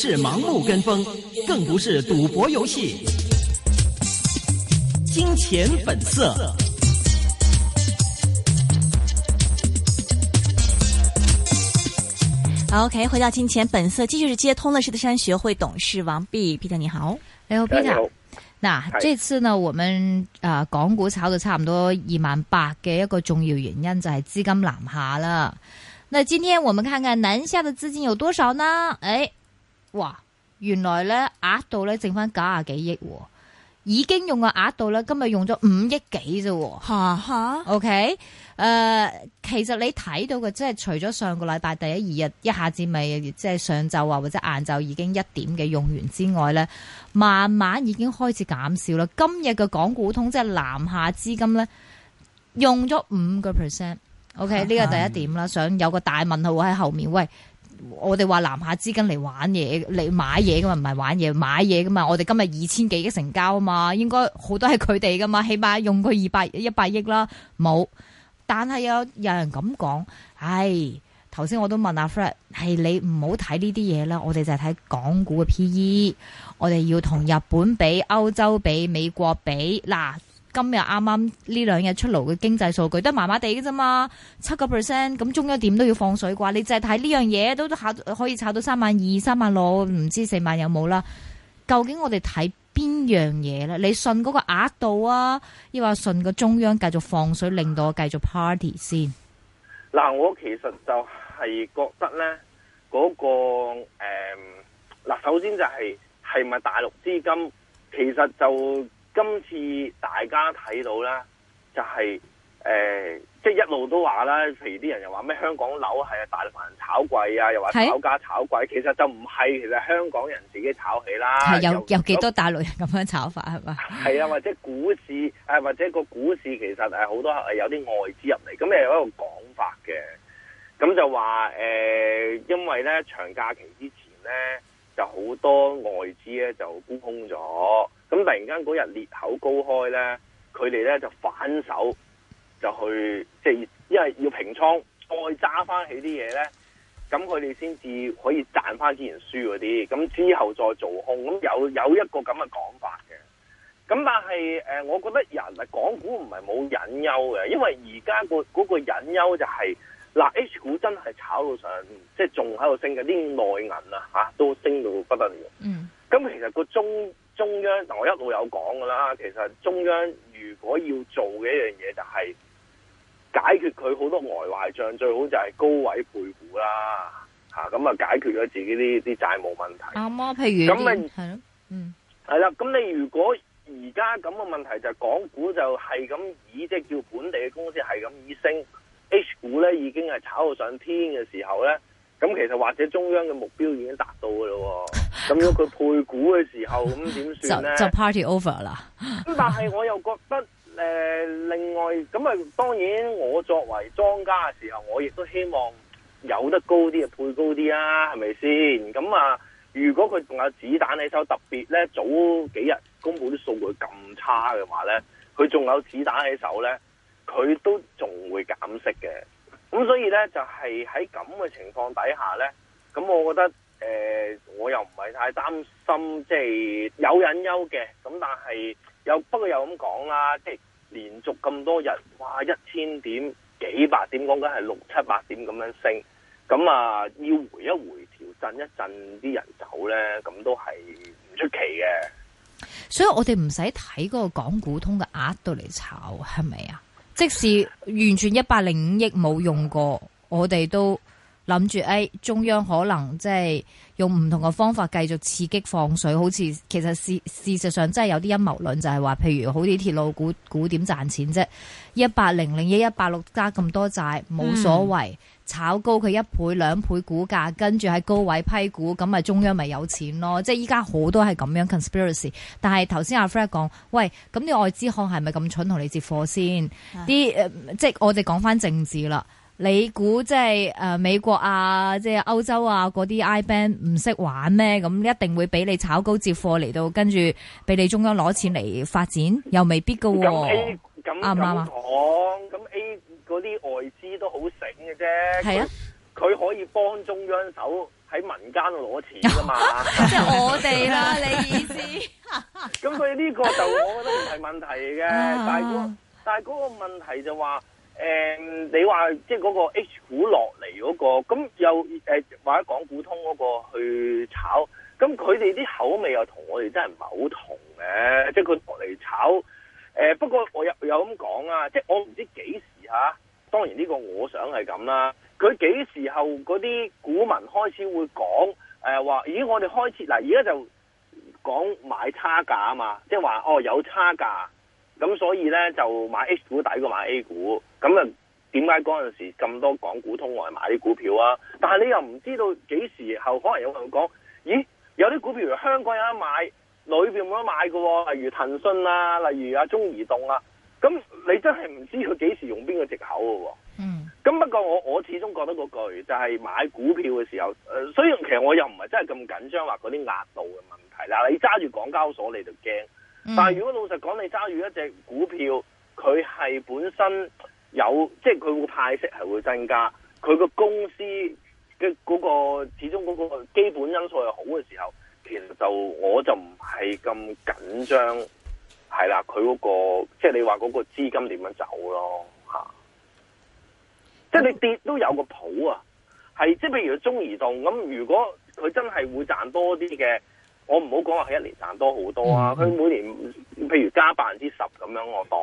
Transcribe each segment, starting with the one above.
是盲目跟風，更不是賭博遊戲。金錢本色，金錢本色。好。OK，回到金錢本色，繼續是接通了獅子山學會董事王弼 Peter 你好，哎呦 Peter。Hello. 那 Hi. 這次呢，我們啊、呃、港股炒到差不多一萬八嘅一個重要原因就係資金南下了。那今天我們看看南下的資金有多少呢？哎。哇，原來咧，額度咧剩翻，九廿幾億，已經用嘅額度咧今日用咗五億幾啫。哈哈 OK，誒，其實你睇到嘅即係除咗上個禮拜第一二日一下子咪即係上晝啊或者晏晝已經一點嘅用完之外咧，慢慢已經開始減少啦。今日嘅港股通即係南下資金咧用咗五個 percent，O K，呢個第一點啦，想有個大問號喺後面，喂。我哋話南下資金嚟玩嘢嚟買嘢噶嘛，唔係玩嘢買嘢噶嘛。我哋今日二千幾億成交啊嘛，應該好多係佢哋噶嘛，起碼用佢二百一百億啦。冇，但係有有人咁講，唉，頭先我都問阿 Fred，係你唔好睇呢啲嘢啦，我哋就係睇港股嘅 PE，我哋要同日本比、歐洲比、美國比嗱。今日啱啱呢兩日出爐嘅經濟數據都麻麻地嘅啫嘛，七個 percent，咁中央點都要放水啩？你淨係睇呢樣嘢都都炒可以炒到三萬二、三萬六，唔知四萬有冇啦？究竟我哋睇邊樣嘢咧？你信嗰個額度啊，抑或信個中央繼續放水，令到我繼續 party 先？嗱，我其實就係覺得咧，嗰、個誒，嗱、呃，首先就係係咪大陸資金？其實就。今次大家睇到啦，就係，就係誒，即係一路都話啦，譬如啲人又話咩香港樓係大陸人炒貴啊，又話炒家炒貴啊，其實就唔係其實香港人自己炒起啦。有又有幾多大陸人咁樣炒法係嘛？係啊，或者股市啊，或者個股市其實係好多有啲外資入嚟，咁有一個講法嘅。咁就話誒，呃，因為咧長假期之前咧。就好多外資咧就沽空咗，咁突然間嗰日裂口高開咧，佢哋咧就反手就去即係，因為要平倉，再揸翻起啲嘢咧，咁佢哋先至可以賺翻之前輸嗰啲，咁之後再做空，咁有有一個咁嘅講法嘅。咁但係誒，我覺得人啊，港股唔係冇隱憂嘅，因為而家個嗰個隱憂就係。嗱，H 股真係炒到上，即係仲喺度升嘅，啲內銀啊嚇都升到不得了。嗯，咁其實個中中央，嗱我一路有講噶啦，其實中央如果要做嘅一樣嘢，就係解決佢好多外壞賬，最好就係高位配股啦嚇，咁啊就解決咗自己啲啲債務問題。啱啊，譬如咁咪係咯，嗯，係啦就。咁、嗯、你如果而家咁嘅問題就係、是、港股就係咁以即係叫本地嘅公司係咁以升，H 股咧，已經係炒到上天嘅時候咧，咁其實或者中央嘅目標已經達到嘅咯，咁樣佢配股嘅時候咁點算咧？就 Party over 啦！咁 但係我又覺得誒、呃，另外咁啊，當然我作為莊家嘅時候，我亦都希望有得高啲啊，配高啲啊，係咪先？咁啊，如果佢仲有子彈喺手，特別咧早幾日公佈啲數據咁差嘅話咧，佢仲有子彈喺手咧？佢都仲會減息嘅，咁所以呢，就係喺咁嘅情況底下呢，咁我覺得誒、呃，我又唔係太擔心，即係有隱憂嘅。咁但係又不過又咁講啦，即係連續咁多日，哇一千點幾百點，講緊係六七百點咁樣升，咁啊要回一回調，震一震啲人走呢，咁都係唔出奇嘅。所以我哋唔使睇嗰個港股通嘅額度嚟炒，係咪啊？即使完全一百零五億冇用過，我哋都。諗住誒，中央可能即係用唔同嘅方法繼續刺激放水，好似其實事事實上真係有啲陰謀論，就係話，譬如好啲鐵路股股點賺錢啫？一八零零一、一八六加咁多債冇所謂，嗯、炒高佢一倍兩倍股價，跟住喺高位批股，咁咪中央咪有錢咯？即係依家好多係咁樣 conspiracy 但。但係頭先阿 f r a 喂，咁啲外資行係咪咁蠢同你接貨先？啲唉、呃、即係我哋講翻政治啦。你估即係誒美國啊，即係歐洲啊嗰啲 I band 唔識玩咩？咁一定會俾你炒高接貨嚟到，跟住俾你中央攞錢嚟發展，又未必㗎喎。咁啱唔啱啊？咁 A 嗰啲外資都好醒嘅啫，佢、啊、可以幫中央手喺民間攞錢㗎嘛？即係我哋啦，你意思？咁所以呢個就我覺得唔係問題嘅， 但係嗰、嗰個、 個問題就話。誒、嗯，你話即係嗰個 H 股落嚟嗰個，咁又誒或者港股通嗰個去炒，咁佢哋啲口味又我同我哋真係唔係好同嘅，即係佢落嚟炒。誒，不過我有有咁講啊，即係我唔知幾時吓。當然呢個我想係咁啦。佢幾時候嗰啲股民開始會講誒話，咦，我哋開始嗱而家，就講買差價啊嘛，即係話哦有差價，咁所以咧就買 H 股抵過買 A 股。咁啊，點解嗰陣時咁多港股通外買啲股票啊？但係你又唔知道幾時候可能有人講，咦，有啲股票，如香港有得買，裏邊冇得買喎，哦，例如騰訊啊，例如阿中移動啊，咁你真係唔知佢幾時用邊個藉口㗎，啊，嗯。咁不過我我始終覺得嗰句就係、是、買股票嘅時候，誒，呃，雖然其實我又唔係真係咁緊張話嗰啲額度嘅問題啦，你揸住港交所你就驚，嗯，但係如果老實講，你揸住一隻股票，佢係本身。有即係佢個派息係會增加，佢個公司嘅嗰個始終嗰個基本因素係好嘅時候，其實就我就唔係咁緊張，係啦，佢嗰個即係你話嗰個資金點樣走咯吓，即係你跌都有個譜啊，係即係譬如中移動咁，如果佢真係會賺多啲嘅，我唔好講話係一年賺多好多啊，佢每年譬如加百分之十咁樣，我當。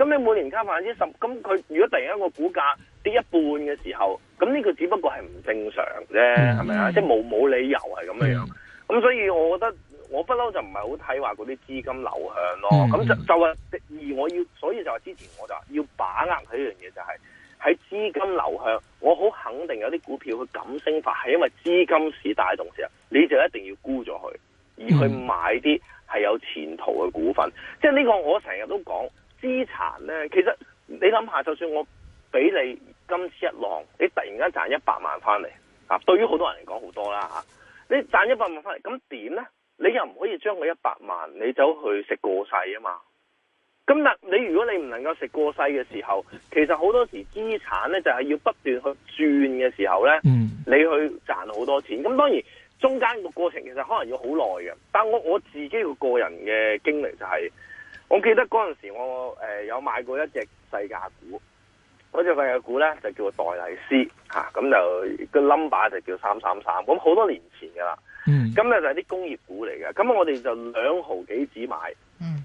咁你每年加百分之十，咁佢如果突然一個股價跌一半嘅時候，咁呢個只不過係唔正常啫，係咪啊？吧即係冇冇理由係咁樣樣。咁、嗯、所以我覺得我不嬲就唔係好睇話嗰啲資金流向咯。咁、嗯、就就係而我要，所以就話之前我就話要把握佢呢樣嘢，就係喺資金流向，我好肯定有啲股票佢咁升法，係因為資金市帶動嘅時候，你就一定要沽咗佢，而去買啲係有前途嘅股份。嗯、即係呢個我成日都講。資產咧，其實你諗下，就算我俾你今次一浪，你突然間賺一百萬翻嚟啊，對於好多人嚟講，好多啦吓，你賺一百萬翻嚟，咁點咧？你又唔可以將個一百萬你走去食過世啊嘛？咁但你如果你唔能夠食過世嘅時候，其實好多時資產咧就係要不斷去轉嘅時候咧，你去賺好多錢。咁當然中間個過程其實可能要好耐嘅。但我我自己個個人嘅經歷就係。我記得嗰陣時我誒、呃、有買過一隻細價股，嗰隻細價股咧就叫做黛麗斯吓，咁、啊、就、那個 number 就叫三三三，咁好多年前噶啦，咁咧、嗯、就係啲工業股嚟嘅，咁我哋就兩毫幾子買，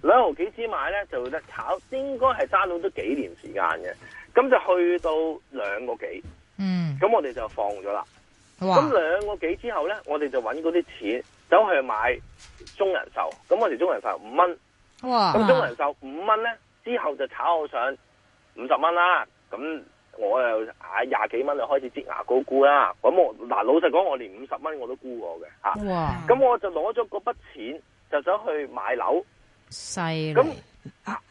兩、嗯、毫幾子買咧就得炒，應該係揸到都幾年時間嘅，咁就去到兩個幾，咁、嗯、我哋就放咗啦，咁兩哇個幾之後咧，我哋就揾嗰啲錢走去買中人壽，咁我哋中人壽五蚊。咁哇中人壽五蚊咧，之後就炒我上五十蚊啦。咁我又喺廿幾蚊就開始擠牙膏沽啦。咁我嗱、啊、老實講，我連五十蚊我都沽過嘅吓。咁、啊、哇我就攞咗嗰筆錢就走去買樓。細咁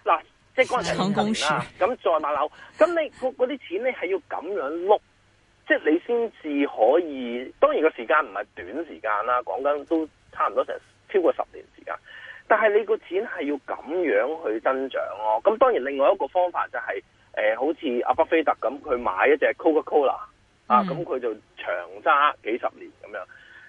嗱，即係講成功啦。咁再買樓，咁你嗰啲錢咧係要咁樣碌，即係你先至可以。當然個時間唔係短時間啦，講緊都差唔多成超過十年。但係你個錢係要咁樣去增長咯、哦，咁當然另外一個方法就係、是、誒、呃，好似阿巴菲特咁，佢買一隻 Coca Cola、嗯、啊，咁佢就長揸幾十年咁樣。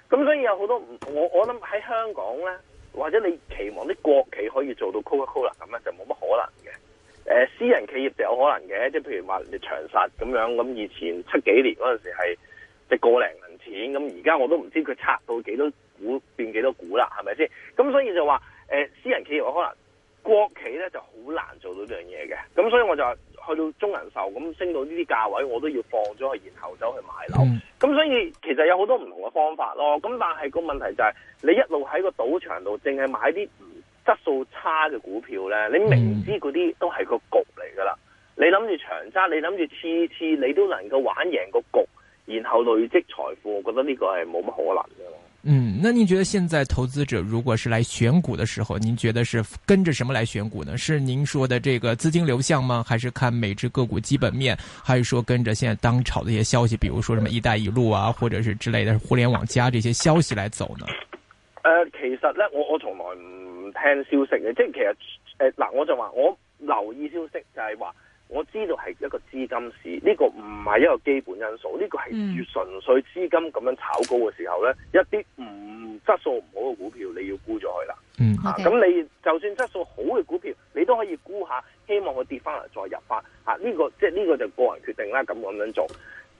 咁所以有好多，我我諗喺香港咧，或者你期望啲國企可以做到 Coca Cola 咁樣就冇乜可能嘅。誒、呃，私人企業就有可能嘅，即係譬如話你長實咁樣，咁以前七幾年嗰陣時係值個零銀錢，咁而家我都唔知佢拆到幾多股變幾多股啦，係咪先？咁所以就話。呃、私人企業我可能國企咧就好難做到呢樣嘢嘅。咁所以我就去到中人壽咁升到呢啲價位，我都要放咗去然後走去買樓，咁、嗯、所以其實有好多唔同嘅方法咯，咁但係個問題就係、是、你一路喺個賭場度，淨係買啲質素差嘅股票呢，你明知嗰啲都係個局嚟噶啦，你諗住長揸，你諗住次次你都能夠玩贏個局，然後累積財富，我覺得呢個係冇乜可能嘅。嗯，那您覺得現在投資者如果是來選股的時候，您覺得是跟着什麼來選股呢？是您說的這個資金流向嗎？還是看每隻個股基本面？還是說跟着現在當炒的一些消息，比如說什麼“一帶一路”啊，或者是之類的“互聯網加”這些消息來走呢？呃，其實呢，我我從來唔聽消息嘅，即係其實誒，嗱，呃，我就話我留意消息就係話。我知道係一個資金市，呢、這個唔係一個基本因素，呢、這個係純粹資金咁樣炒高嘅時候呢、嗯、一啲唔質素唔好嘅股票你要沽咗佢啦。嗯，咁、okay. 啊、你就算質素好嘅股票，你都可以沽下，希望佢跌翻嚟，再入翻。吓、啊，呢、這個即係呢個就是個人決定啦，咁咁樣做。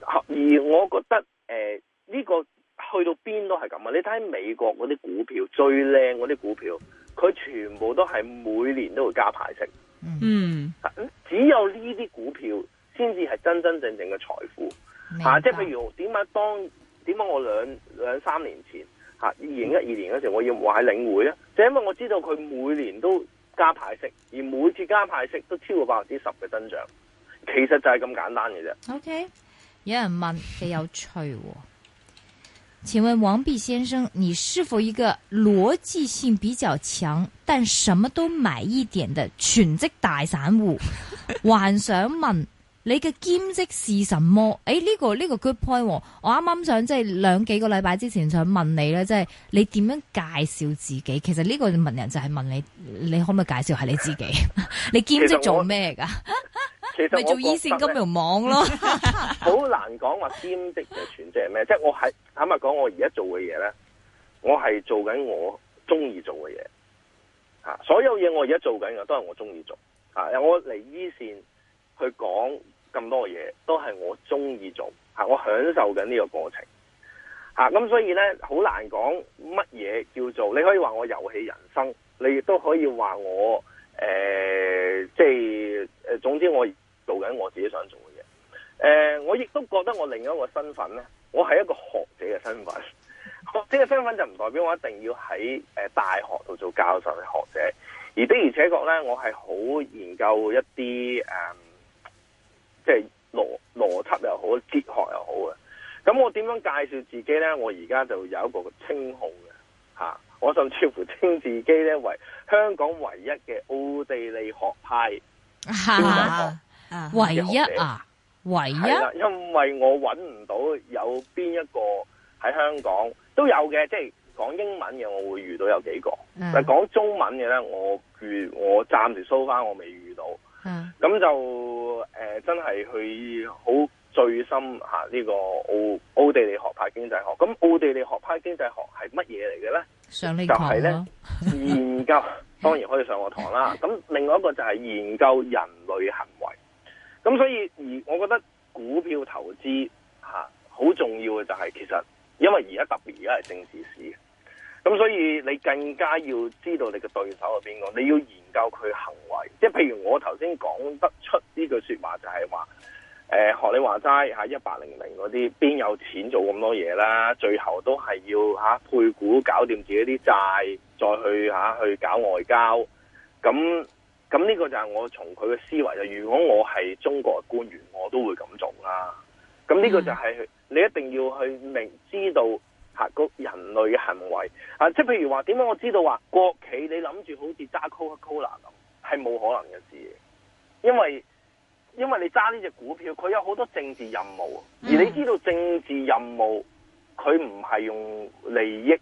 而我覺得誒，呢、呃這個去到邊都係咁啊！你睇美國嗰啲股票，最靚嗰啲股票，佢全部都係每年都會加派息。嗯，mm hmm. 只有呢啲股票先至係真真正正嘅財富，吓白、啊、即係譬如點解當點解我兩兩三年前吓、啊、二零一二年嗰時我要買領匯呢？就係、因為我知道佢每年都加派息，而每次加派息都超過百分之十嘅增長，其實就係咁簡單嘅啫。O、okay. K，有人問，幾有趣、哦。 請問王弼先生，你是否一個邏輯性比較強，但什麼都買一點的全職大散戶？還 想問你嘅兼職是什麼？誒、哎、呢、這個呢、這個 good point、哦、我啱啱想即係、就是、兩幾個禮拜之前想問你咧，即、就、係、是、你點樣介紹自己？其實呢個問人就係問你，你可唔可以介紹下你自己？ 你兼職做咩噶？你咪 做一線金融網咯，好 難講話兼職嘅全職係咩？即係我係。坦白講，我而家做嘅嘢咧，我係做緊我中意做嘅嘢，吓，所有嘢我而家做緊嘅都係我中意做吓。我嚟依綫去講咁多嘢，都係我中意做吓，我享受緊呢個過程吓。咁、啊、所以咧，好難講乜嘢叫做你可以話我遊戲人生，你亦都可以話我誒，即係誒，總之我做緊我自己想做嘅嘢。誒、呃，我亦都覺得我另一個身份咧。我係一個學者嘅身份，學者嘅身份就唔代表我一定要喺誒大學度做教授嘅學者，而的而且確咧，我係好研究一啲誒，即係邏邏輯又好，哲學又好嘅。咁我點樣介紹自己咧？我而家就有一個稱號嘅吓、啊，我甚至乎稱自己咧為香港唯一嘅奧地利學派學， 唯一啊！係啦，因為我搵唔到有邊一個喺香港都有嘅，即係講英文嘅我會遇到有幾個，但係講中文嘅咧，我遇我暫時搜、so、翻我未遇到。嗯，咁就誒、呃、真係去好醉心吓呢、啊這個奧奧地利學派經濟學。咁奧地利學派經濟學係乜嘢嚟嘅咧？上就呢堂咯，研究 當然可以上我堂啦。咁另外一個就係研究人類行為。咁所以，而我覺得股票投資吓好重要嘅就係，其實因為而家特別而家係政治市，咁所以你更加要知道你嘅對手係邊個，你要研究佢行為，即係譬如我頭先講得出呢句說話就係話誒學你話齋吓一八零零嗰啲，邊有錢做咁多嘢啦？最後都係要吓配股搞掂自己啲債再去吓去搞外交咁。咁呢個就係我從佢嘅思維就，如果我係中國嘅官員，我都會咁做啦、啊。咁呢個就係你一定要去明知道吓個人類嘅行為啊！即係譬如話點解我知道話國企你諗住好似揸 Coca Cola 咁，係冇可能嘅事的，因為因為你揸呢隻股票，佢有好多政治任務，而你知道政治任務，佢唔係用利益，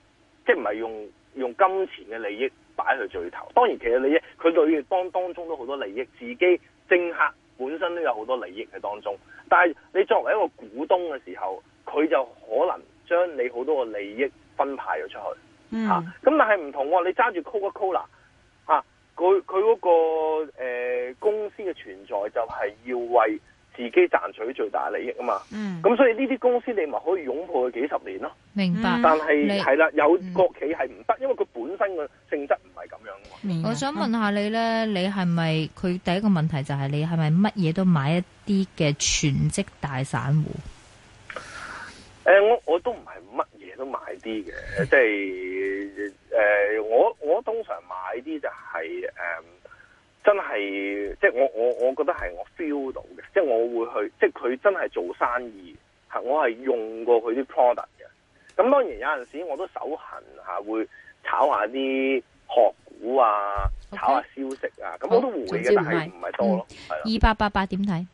即係唔係用用金錢嘅利益。擺去最頭，當然其實你佢利益當當中都好多利益，自己政客本身都有好多利益喺當中，但係你作為一個股東嘅時候，佢就可能將你好多個利益分派咗出去，咁、嗯啊、但係唔同、哦，你揸住 Coca-Cola，嚇、啊、佢佢嗰、那個、呃、公司嘅存在就係要為自己賺取最大利益啊嘛，咁、嗯、所以呢啲公司你咪可以擁抱佢幾十年咯。明白，但係係啦，有國企係唔得，因為佢本身個性質唔係咁樣。嗯、我想問下你呢，你係咪佢第一個問題就係、是、你係咪乜嘢都買一啲嘅全職大散戶？誒、嗯，我我都唔係乜嘢都買啲嘅，即係誒，我我通常買啲就係、是、誒。呃真係，即係我我我覺得係我 feel 到嘅，即係我會去，即係佢真係做生意，係我係用過佢啲 product 嘅。咁當然有陣時我都手痕吓、啊，會炒下啲學股啊，Okay. 炒下消息啊，咁我都會嘅，哦、但係唔係多咯。係啦，二八八八點睇？誒的、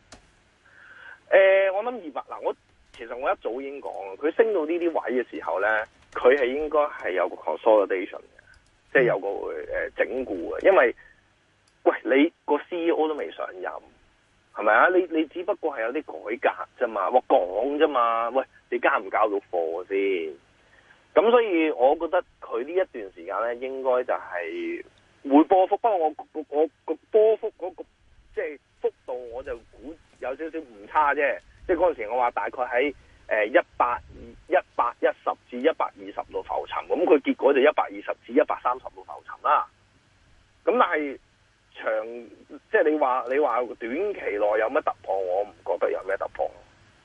呃，我諗二八嗱，我其實我一早已經講啦，佢升到呢啲位嘅時候咧，佢係應該係有個 consolidation 嘅，即係、嗯、有個誒、呃、整固嘅，因為。你個 C E O 都未上任，係咪啊？你你只不過係有啲改革啫嘛，話講啫嘛，喂，你交唔交到貨先？咁所以我覺得佢呢一段時間咧，應該就係會波幅，不過我我我波幅嗰、那個即係、就是、幅度，我就估有少少唔差啫。即係嗰陣時我話大概喺誒一百一百一十至一百二十度浮沉，咁佢結果就一百二十至一百三十度浮沉啦。咁但係。長即係、就是、你話你話短期內有乜突破，我唔覺得有咩突破。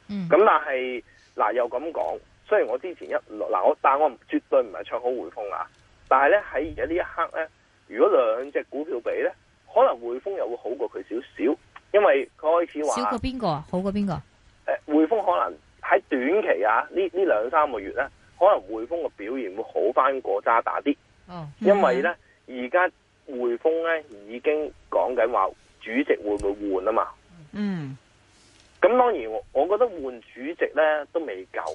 嗯，咁但係嗱又咁講，雖然我之前一嗱我，但係我絕對唔係唱好匯豐啊。但係咧喺而家呢一刻咧，如果兩隻股票比咧，可能匯豐又會好過佢少少，因為佢開始話。少過邊個啊？好過邊個、啊？誒、欸，匯豐可能喺短期啊呢呢兩三個月咧，可能匯豐嘅表現會好翻過渣打啲。哦，嗯、因為咧而家。匯豐咧已經講緊話主席會唔會換啊嘛？嗯，咁當然我，我我覺得換主席咧都未夠，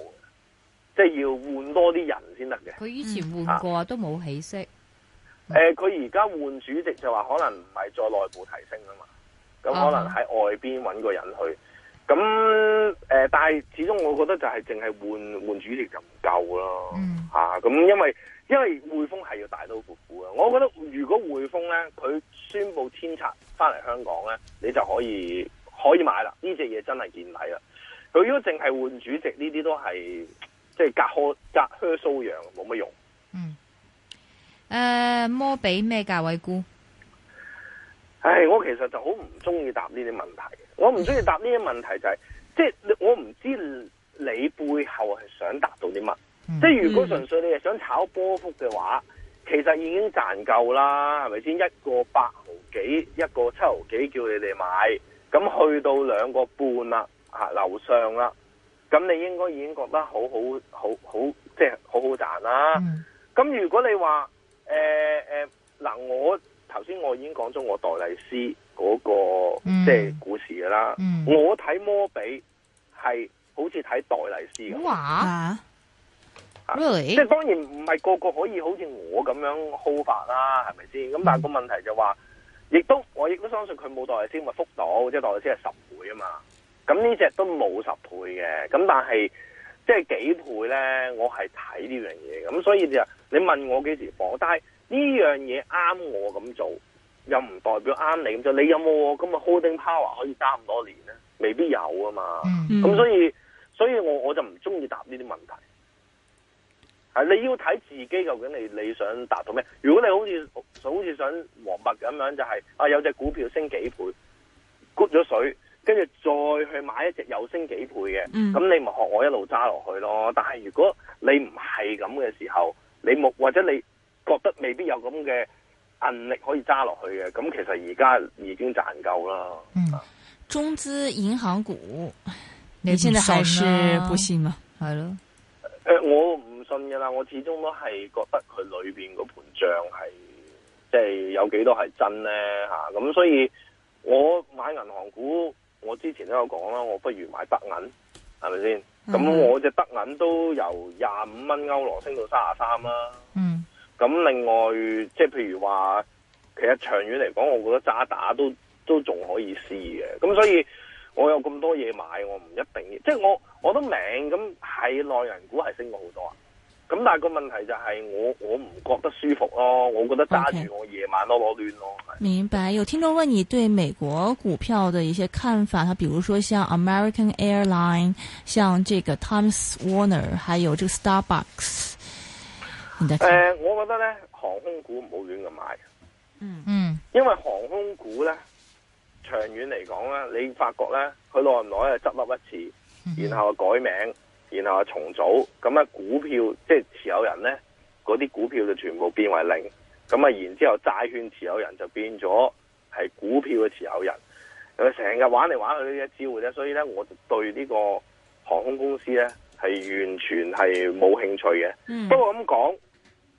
即係要換多啲人先得嘅。佢、嗯啊、以前換過都冇起色。誒、呃，佢而家換主席就話可能唔係再內部提升啊嘛，咁可能喺外邊揾個人去。咁誒、啊呃，但係始終我覺得就係淨係換換主席就唔夠咯。嗯咁、啊、因為因為匯豐係要大刀闊斧嘅，我覺得如果匯豐咧佢宣布遷冊翻嚟香港咧，你就可以可以買啦，呢隻嘢真係見底啦。佢如果淨係換主席，呢啲都係即係隔靴隔靴搔癢，冇乜用。嗯。誒、uh，摩比咩價位估？唉，我其實就好唔中意答呢啲問題。我唔中意答呢啲問題，就係， 就係即係我唔知你背後係想達到啲乜。嗯、即係如果純粹你係想炒波幅嘅話，嗯、其實已經賺夠啦，係咪先？一個八毫幾，一個七毫幾叫你哋買，咁去到兩個半啦，啊樓上啦，咁你應該已經覺得好好好好，好，即係好好賺啦。咁、嗯、如果你話誒誒嗱，我頭先我已經講咗我代麗絲嗰個、嗯、即係故事嘅啦，了嗯、我睇摩比係好似睇代麗絲咁。哇啊 即係當然唔係個個可以好似我咁樣 hold 法啦，係咪先？咁 但係個問題就話，亦都我亦都相信佢冇代先，咪福到，即係代先係十倍啊嘛。咁呢隻都冇十倍嘅，咁但係即係幾倍咧？我係睇呢樣嘢嘅，咁所以就你問我幾時博？但係呢樣嘢啱我咁做，又唔代表啱你咁做。你有冇咁嘅 holding power 可以揸咁多年咧？未必有啊嘛。咁所以所以我我就唔中意答呢啲問題。係你要睇自己究竟你你想達到咩？如果你好似好似想王弼咁樣，就係、是、啊有隻股票升幾倍，谷咗水，跟住再去買一隻又升幾倍嘅，咁、嗯、你咪學我一路揸落去咯。但係如果你唔係咁嘅時候，你冇或者你覺得未必有咁嘅韌力可以揸落去嘅，咁其實而家已經賺夠啦。中資銀行股，哦、你現在還是不信嘛？係咯？誒、呃，我。真噶啦，我始終都係覺得佢裏邊個盤賬係，即係有幾多係真咧吓，咁所以我買銀行股，我之前都有講啦，我不如買德銀，係咪先？咁我隻德銀都由廿五蚊歐羅升到卅三啦。嗯，咁另外即係譬如話，其實長遠嚟講，我覺得渣打都都仲可以試嘅。咁所以我有咁多嘢買，我唔一定，即係我我都明，咁係內銀股係升過好多啊。咁但係個問題就係、是、我我唔覺得舒服咯，我覺得揸住我夜晚囉囉攣。咯。Okay. 明白，有聽眾問你對美國股票的一些看法，佢比如說像 American Airline、像這個 Times Warner，還有這個 Starbucks。誒、呃，我覺得咧，航空股唔好亂咁買。嗯嗯，因為航空股咧，長遠嚟講咧，你發覺咧，佢耐唔耐啊執笠一次，然後改名。嗯然後重組，咁啊股票即係持有人呢嗰啲股票就全部變為零，咁啊然之後債券持有人就變咗係股票嘅持有人，咁成日玩嚟玩去呢一招嘅啫，所以呢，我就對呢個航空公司呢係完全係冇興趣嘅。嗯，不過咁講，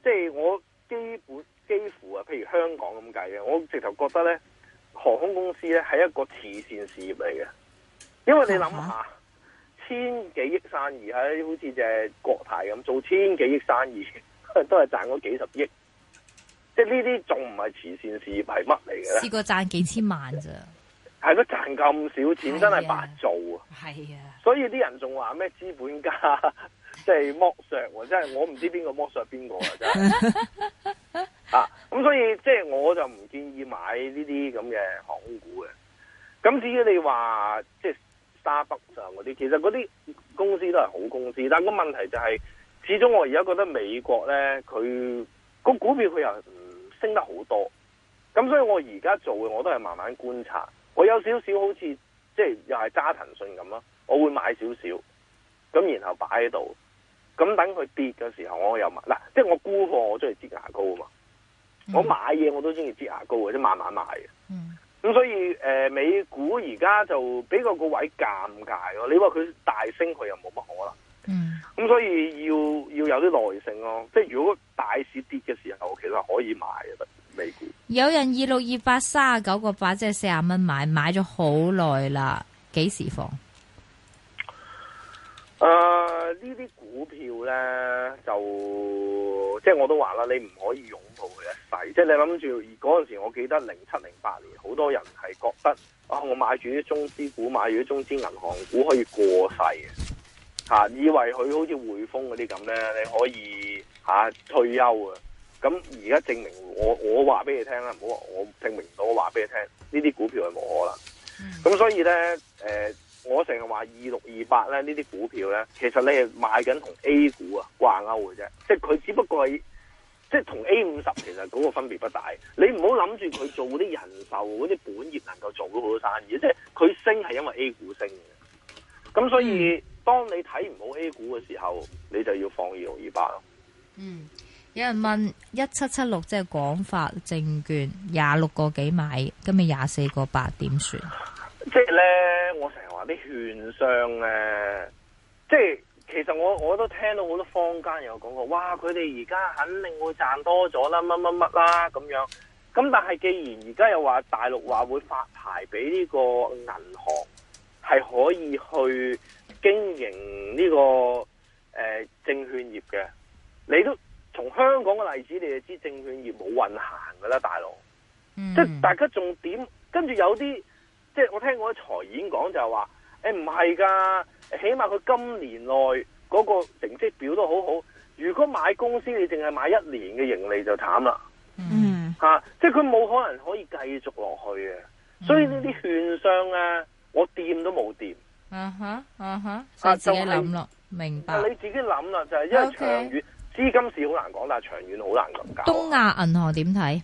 即係我基本幾乎啊，譬如香港咁計嘅，我直頭覺得呢航空公司呢係一個慈善事業嚟嘅，因為你諗下。嗯千幾億生意喺好似隻國泰咁做千幾億生意，都係賺咗幾十億。即係呢啲仲唔係慈善事業，係乜嚟嘅咧？試過賺幾千萬咋，係咯，賺咁少錢真係白做啊！係啊，所以啲人仲話咩資本家即係剝削，即係我唔知邊個剝削邊個啊！真啊，咁所以即係我就唔建議買呢啲咁嘅航空股嘅。咁至於你話即係。就是揸北上嗰啲，其實嗰啲公司都係好公司，但個問題就係、是，始終我而家覺得美國咧，佢個股票佢又唔升得好多，咁所以我而家做嘅我都係慢慢觀察，我有少少好似即係又係揸騰訊咁咯，我會買少少，咁然後擺喺度，咁等佢跌嘅時候我又買，嗱即係我沽貨，我中意擠牙膏啊嘛，我買嘢我都中意擠牙膏嘅，即慢慢買嘅。嗯咁、嗯、所以，誒、呃、美股而家就比較個位置尷尬咯。你話佢大升，佢又冇乜可能。嗯。咁、嗯、所以要要有啲耐性咯。即係如果大市跌嘅時候，其實可以買嘅得。美股。有人二六二八三啊九個八，即係四啊蚊買，買咗好耐啦，幾時放？誒、呃。呢啲股票呢，就即係、就是、我都話啦，你唔可以擁抱佢一世。即、就、係、是、你諗住，嗰陣時候我記得零七零八年，好多人係覺得啊、哦，我買住啲中資股，買住啲中資銀行股可以過世嘅，吓、啊，以為佢好似匯豐嗰啲咁呢，你可以吓、啊、退休啊。咁而家證明我，我話俾你聽啦，唔好話我證明唔到，我話俾你聽，呢啲股票係冇可能。咁所以呢。誒、呃。我成日話二六二八咧，呢啲股票咧，其實你係買緊同 A 股啊掛鈎嘅啫，即係佢只不過係即係同 A 五十其實嗰個分別不大。你唔好諗住佢做啲人壽嗰啲本業能夠做到好多生意，即係佢升係因為 A 股升嘅。咁所以當你睇唔好 A 股嘅時候，你就要放二六二八咯。嗯，有人問一七七六即係廣發證券廿六個幾買，今日廿四個八點算？即係咧，我成日。啲券商咧、啊，即係其實我我都聽到好多坊間有講過，哇！佢哋而家肯定會賺多咗啦，乜乜乜啦咁樣。咁但係既然而家又話大陸話會發牌俾呢個銀行係可以去經營呢、這個誒、呃、證券業嘅，你都從香港嘅例子你就知證券業冇運行噶啦，大陸，嗯、即係大家仲點？跟住有啲。即係我聽我啲財演講就係話，誒唔係噶，起碼佢今年內嗰個成績表都好好。如果買公司，你淨係買一年嘅盈利就慘啦。嗯，吓、啊，即係佢冇可能可以繼續落去嘅。所以呢啲券商啊，我掂都冇掂。嗯、啊、哈，嗯、啊、哈，你自己諗啦。明白。你自己諗啦，就係、是、因為長遠 Okay 資金市好難講，但係長遠好難咁搞。東亞銀行點睇？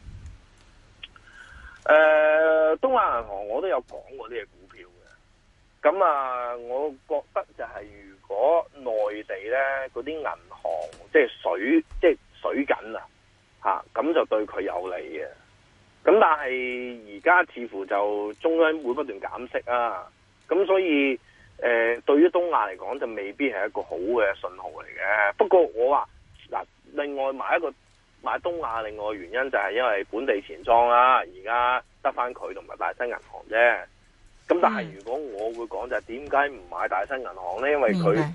誒、呃，東亞銀行我都有講過呢隻股票嘅，咁啊，我覺得就係如果內地呢嗰啲銀行即係水即係水緊啊，吓咁就對佢有利嘅。咁、啊、但係而家似乎就中央會不斷減息啊，咁所以誒、呃、對於東亞嚟講就未必係一個好嘅信號嚟嘅。不過我話嗱，另外買一個。買東亞，另外原因就係因為本地錢莊啦，而家得翻佢同埋大新銀行啫。咁但係如果我會講就係點解唔買大新銀行咧？嗯、因為佢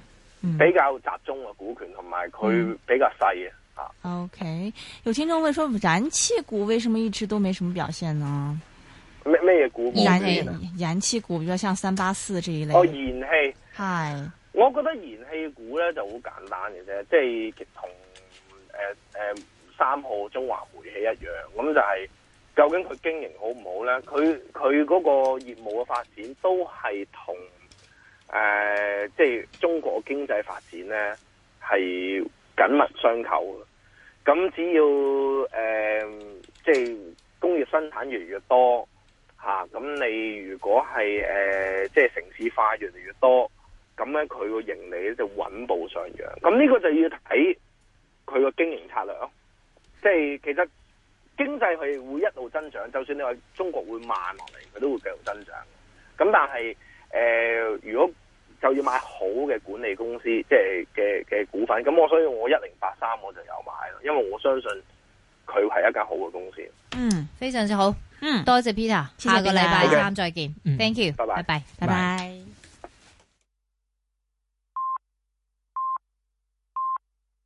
比較集中嘅股權，同埋佢比較細、嗯、啊。o、okay. k 有聽眾會說，燃氣股為什麼一直都沒什麼表現呢？咩咩嘢股？燃氣燃氣股，比如像三八四這一類。哦，燃氣係。Hi. 我覺得燃氣股咧就好簡單嘅啫，即係同誒誒。呃呃三號中華煤氣一樣，咁就係究竟佢經營好唔好呢？佢佢嗰個業務嘅發展都係同誒，即係中國經濟發展呢係緊密相扣嘅。咁只要誒，即係工業生產越嚟越多吓，咁你如果係誒，即係城市化越嚟越多，咁咧佢個盈利就穩步上揚。咁呢個就要睇佢個經營策略咯。即係其實經濟係會一路增長，就算你話中國會慢落嚟，佢都會繼續增長。咁但係誒、呃，如果就要買好嘅管理公司，即係嘅嘅股份，咁我所以我一零八三我就有買咯，因為我相信佢係一間好嘅公司。嗯，非常之好。嗯，多謝 Peter，下個禮拜三再見。Okay. Thank you，拜拜，拜拜。拜拜。